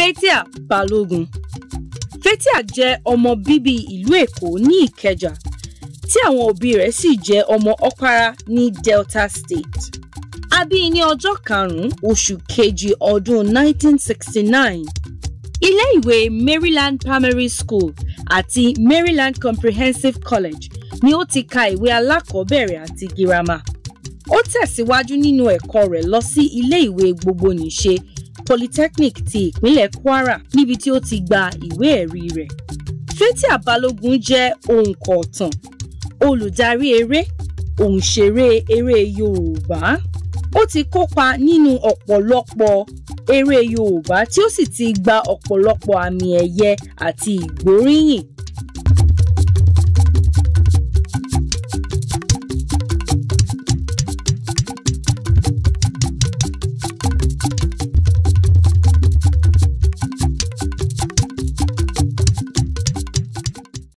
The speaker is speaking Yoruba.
Fatia Balógun Fatia jẹ́ ọmọ bíbí ìlú Èkó ní Ìkẹjà tí àwọn òbí rẹ̀ sì jẹ́ ọmọ Okpara ní Delta State. A bí i ní ọjọ́ karùn oṣù kejì ọdún 1969 ilé ìwé Maryland Primary School àti Maryland Comprehensive College ni ó ti ka ìwé alákọ̀ọ́bẹ̀rẹ̀ àti girama. Ó tẹ̀síwájú nínú ẹ̀kọ́ rẹ̀ lọ sí ilé ìwé gbogbonìṣe polytechnic ti ìpínlẹ̀ kwara níbi tí ó ti gba ìwé ẹ̀rí rẹ̀ fatia balogun jẹ́ òǹkọ̀ọ̀tàn olùdarí eré òǹṣeré eré yorùbá ó ti kópa nínú ọ̀pọ̀lọpọ̀ eré yorùbá tí ó sì ti gba ọ̀pọ̀lọpọ̀ àmì ẹ̀yẹ àti ìgbóríyìn